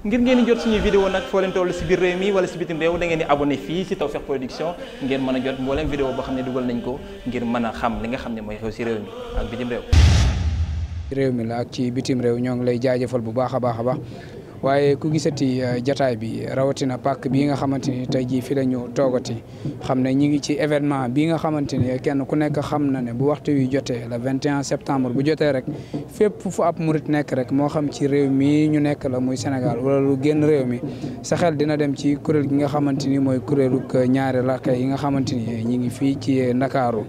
ngir ngeen di jot suñuy vidéo nag foo leen toll si biir réew mi wala si bitim réew da ngeen di abonné fii si Tawfekh Production ngeen mën a jot mbooleem vidéo boo xam ne dugal nañ ko ngir mën a xam li nga xam ne mooy xew si réew mi ak bitim réew réew mi la ak ci bitim réew ñoo ngi lay jaajëfal bu baax a baax a baax waaye ku gisati euh, jataay bi rawatina pàkk bii nga xamante ni tey jii fi la ñu toogati xam ne ñi ngi ci événement bi nga xamante ni kenn ku nekk xam na ne bu waxtu wi jotee le 21 septembre bu jotee rek fépp fu ap murit nekk rek moo xam ci réew mi ñu nekk la muy Sénégal wala lu génn réew mi saxeel dina dem ci kuréel gi nga xamante ni mooy kuréelug ñaari làkk yi nga xamante ni ñi ngi fii ci Ndakaaru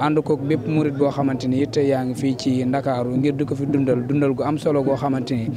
ànd koog bépp murit boo xamante ni it yaa ngi fii ci Ndakaaru ngir di ko fi dundal dundal gu am solo goo xamante ni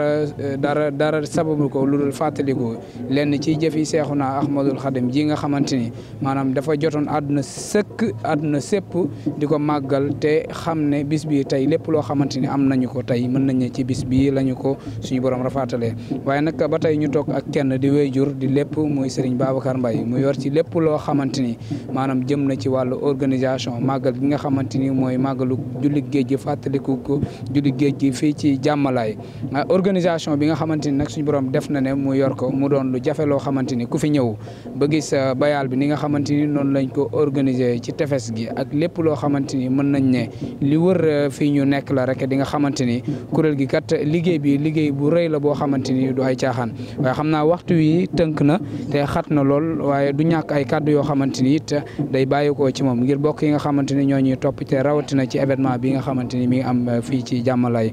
dara dara dara sababu ko lu dul fàttaliku lenn ci jëfi Seexuna Ahmadul Xadim ji nga xamante ni maanaam dafa jotoon àdduna sëkk àdduna sépp di ko màggal te xam ne bis bii tey lépp loo xamante ni am nañu ko tey mën nañu ci bis bii lañu ko suñu borom rafaatalee waaye nag ba tey ñu toog ak kenn di wéyjur di lépp muy Serigne Babacar Mbaye mu yor ci lépp loo xamante ni maanaam jëm na ci wàllu organisation màggal gi nga xamante ni mooy màggalu julli géej gi fàttaliku ko julli géej gi fii ci jàmmalaay ah, organisation bi nga xamante ni nag suñu borom def na ne mu yor ko mu doon lu jafe loo xamante ni ku fi ñëw ba gis euh, bayaal bi ni nga xamante ni noonu lañ ko organiser ci tefes gi ak lépp loo xamante ni mën nañ ne li wër euh, fii ñu nekk la rek di nga xamante ni kuréel gi kat liggéey bi liggéey bu rëy la boo xamante ni du ay caaxaan waaye xam naa waxtu wi tënk na te xat na lool waaye du ñàkk ay kaddu yoo xamante ni it day bàyyikoo ci moom ngir bokk yi nga xamante ni ñoo ñuy topp te rawatina ci événement bi nga xamante ni mi am euh, fii ci jàmmalay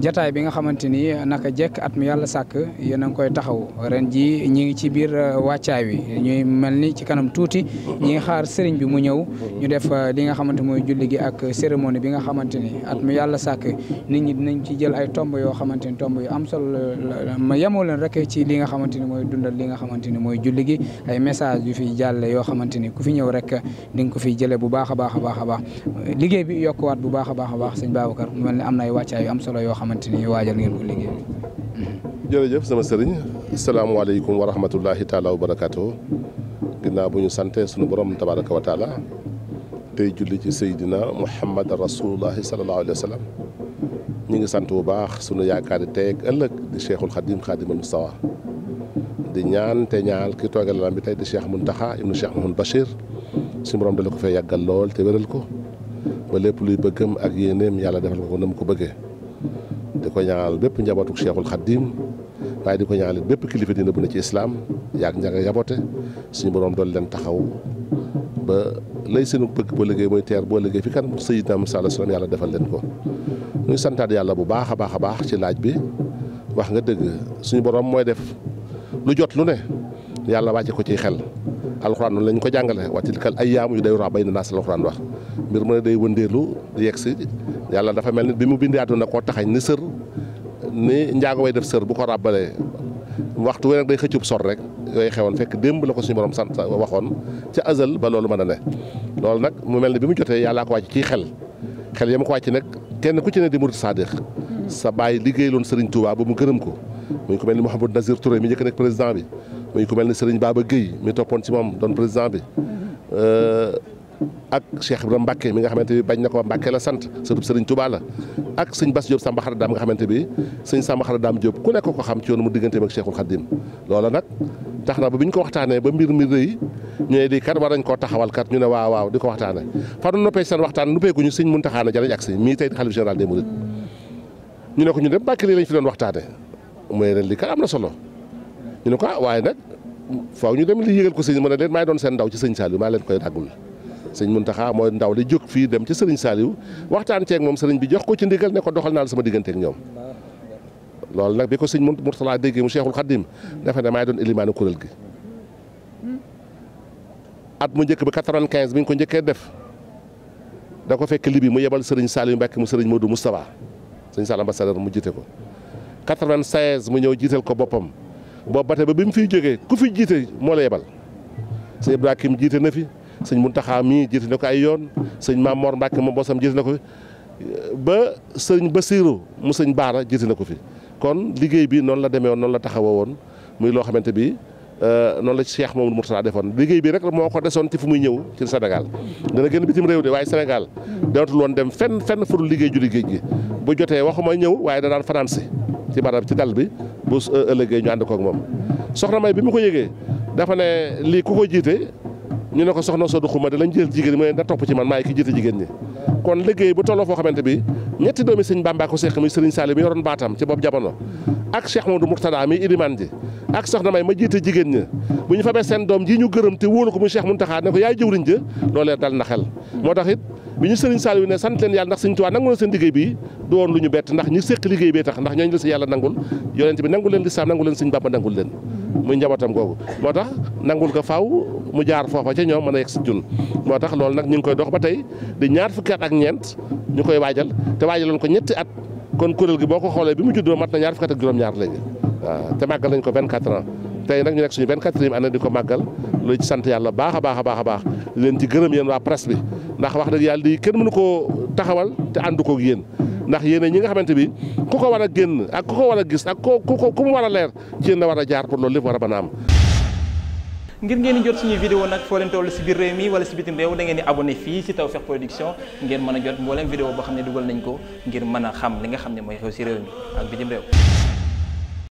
jataay bi nga xamante ni naka jekk at mu yàlla sàkk yéen a ngi koy taxaw ren ji ñi ngi ci biir uh, wàccaay wi ñuy mel ni ci kanam tuuti ñi ngi xaar sëriñ bi mu ñëw ñu def uh, li nga xamante mooy julli gi ak cérémonie bi nga xamante ni at mu yàlla sàkk nit ñi dinañ ci jël ay tomb yoo xamante ni tomb yu am solo ma yemoo leen rek ci li nga xamante ni dundal li nga xamante ni mooy julli gi ay message yu fiy jàlle yoo xamante ni ku fi ñëw rek ni nga ko fiy jële bu baax a baax a baax a baax liggéey bi yokkuwaat bu baax a baax a baax sëñ Babacar mu mel ni am na ay wàccaay yu am solo yoo xamante ni waajal ngeen jërëjëf sama sëriñ salaamualeykum wa rahmatullahi taala wa barakaatu ginnaaw bu ñu santee sunu borom tabaraka wa taala tey julli ci seydina muhammad rasulullahi salallahu alayhi wa ñu ngi sant bu baax sunu yaakaari tey ak ëllëg di cheikhul xadim xadimal mustawa di ñaan te ñaal ki toogal la bi tey di cheikh muntaxa ibnu cheikh mahmoud bachir suñu borom dala ko fee yàggal lool te wéral ko ba lépp luy bëggam ak yéeneem yàlla defal ko ko na mu ko bëggee di ko ñaanal bépp njabootu Cheikhul Khadim waaye di ko ñaanal bépp kilifa dina bu ne ci islaam yaag njaga yabote suñu borom dool leen taxaw ba lay seenu bëgg boo liggéey mooy teer boo liggéey fi kan Sayyidina Musaa alayhi salaam yàlla defal leen ko ñuy santaat yàlla bu baax a baax a baax ci laaj bi wax nga dëgg suñu borom mooy def lu jot lu ne yàlla wàcce ko ci xel alxuraan ko la ñu ko jàngale wa tilkal ayyaamu yudawwiluhaa bayna naas alxuraan wax mbir mu a day wëndeelu di yegg si yàlla dafa mel ni bi mu bindee àdduna koo taxañ ni sër ni njaago way def sër bu ko ràbbalee waxtu wi nag day xëccub sor rek yooyu xewoon fekk démb la ko suñu borom sant waxoon ca azal ba loolu mën a ne loolu nag mu mel ni bi mu jotee yàllaa ko wàcc ci xel xel ya ma ko wàcc nag kenn ku ci ne di murit saadiq sa baay liggéey loon sëriñ ba mu gërëm ko muy ku mel ni Mouhamadou Nazir Touré mi njëkk nekk président bi muy ku mel ni Serigne Baba Guèye mi toppoon ci moom doon président bi euh, ak Cheikh Ibrahima Mbacke mi nga xamante bi bañ na ko Mbacke la sant surtout Serigne Touba la ak sëñ Bass Diop Samba Xara Daam nga xamante bi sëñ Samba Xara Daam Diop ku nekk ko xam ci yoonu mu digganteem ak Cheikhul Khadim loola nag tax na ba bi ñu ko waxtaanee ba mbir mi rëy ñu ne di kat war nañ koo taxawal kat ñu ne waaw waaw di ko waxtaanee far nu noppee seen waxtaan noppeeguñu sëñ Muntaxa Njaay ak si mii tey xalif général des Mourides ñu ne ko ñu dem lañ fi doon waxtaanee mu ne leen li ka am na solo ñu ne ko ah waaye nag faaw ñu dem li yëgal ko sëñ ma ne leen maay doon seen ndaw ci sëñ Saliou maa leen koy dàggul sëñ Muntaxa mooy ndaw li jóg fii dem ci sëriñ saaliw waxtaan ceeg moom sëriñ bi jox ko ci ndigal ne ko doxal naa la sama digganteeg ñoom loolu nag bi ko sëñ Murtala déggee mu Cheikhul Khadim dafa ne maay doon élimaanu kuréel gi at mu njëkk bi 95 bi ñu ko njëkkee def da ko fekk libi mu yebal sëriñ Saliou Mbacke mu sëriñ Modou Moustapha sëñ Saliou ambassadeur mu jiite ko 96 mu ñëw jiital ko boppam boobu ba ba bi mu fiy jógee ku fi jiite moo la yebal sëñ Ibrahima jiite na fi sëñ Muntaxa mii jiite na ko ay yoon sëñ Maam Mor Mbàkke moom boosam jiite na ko fi ba sëñ Basiiru mu sëñ Baara jiite na ko fi kon liggéey bi noonu la demee woon noonu la taxawoo woon muy loo xamante bi euh, noonu la moom mu Mourtada defoon liggéey bi rek moo ko desoon ci fu muy ñëw ci Sénégal dana génn bitim réew de waaye Sénégal dootul woon dem fenn fenn fu dul liggéey ju liggéey gi bu jotee waxuma ñëw waaye da daan fanaan si ci barab ci dal bi bu euh, ëllëgee ñu ànd koog moom soxna may bi mu ko yëgee dafa ne lii ku ko jiite ñu ne ko soxna Soodu Xuma da lañ jël jigéen mu ne da topp ci man maay ki jiite jigéen ñi kon liggéey bu tolloo foo xamante bi ñetti doomi sëñ Bàmba ko seq muy sëriñ Saali mi yoroon baatam ci boobu jamono ak Cheikh Modou Mourtada mi iliman ji ak soxna may ma jiite jigéen ña bu ñu fabee seen doom jii ñu gërëm te wóolu ko muy Cheikh Muntaxa ne ko yaay jëwriñ ja loolee dal na xel moo tax it bi ñu sëriñ Saliou ne sant leen yàlla ndax sëriñ Tuubaa nangu na seen liggéey bi du woon lu ñu bett ndax ñi séq liggéey bee tax ndax ñooñu la si yàlla nangul yonent bi nangul leen lislaam nangul leen sëriñ Bàmba nangul leen muy njabootam googu moo tax nangul ko faaw mu jaar foofa ca ñoom mën a yegg si jun moo tax lool nag ñu ngi koy dox ba tey di ñaar fukki ak ñeent ñu koy waajal te waajaloon ko ñetti at kon kuréel gi boo ko xoolee bi mu juddoo mat na ñaar fukki at ak juróom-ñaar léegi waaw te màggal nañ ko tey nag ñu nekk suñu benn quatrième année di ko màggal loolu ci sant yàlla baax a baax a baax a baax leen ci gërëm yéen waa presse bi ndax wax dëgg yàlla di kenn mënu koo taxawal te àndu koog yéen ndax yéen ñi nga xamante bi ku ko war a génn ak ku ko war a gis ak ku ko ku mu war a leer ci yéen la war a jaar pour loolu lépp war a mën a am ngir ngeen di jot suñuy vidéo nag foo leen toll si biir réew mi wala si bitim réew da ngeen di abonné fii si Tawfekh Production ngeen mën a jot mbooleem vidéo boo xam ne dugal nañ ko ngir mën a xam li nga xam ne mooy xew si